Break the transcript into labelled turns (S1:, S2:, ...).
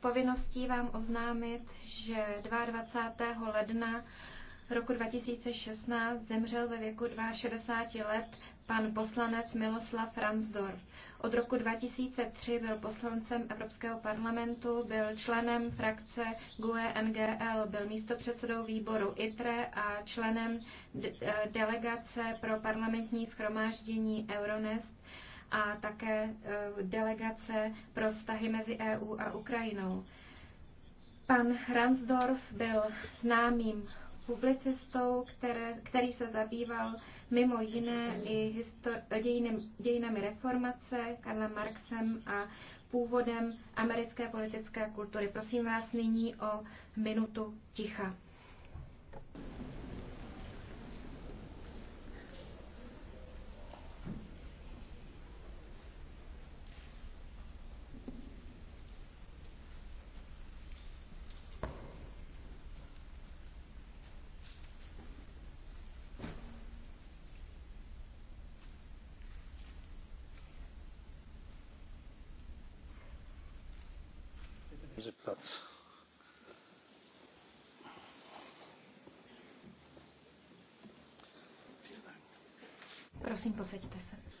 S1: povinností vám oznámit, že 22. ledna roku 2016 zemřel ve věku 62 let pan poslanec Miloslav Ransdorf. Od roku 2003 byl poslancem Evropského parlamentu, byl členem frakce GUE NGL, byl místopředsedou výboru ITRE a členem eh, delegace pro parlamentní schromáždění Euronest a také e, delegace pro vztahy mezi EU a Ukrajinou. Pan Ransdorf byl známým publicistou, které, který se zabýval mimo jiné i histor, dějinem, dějinami reformace, Karla Marxem a původem americké politické kultury. Prosím vás nyní o minutu ticha. zeptat.
S2: Prosím, posaďte se.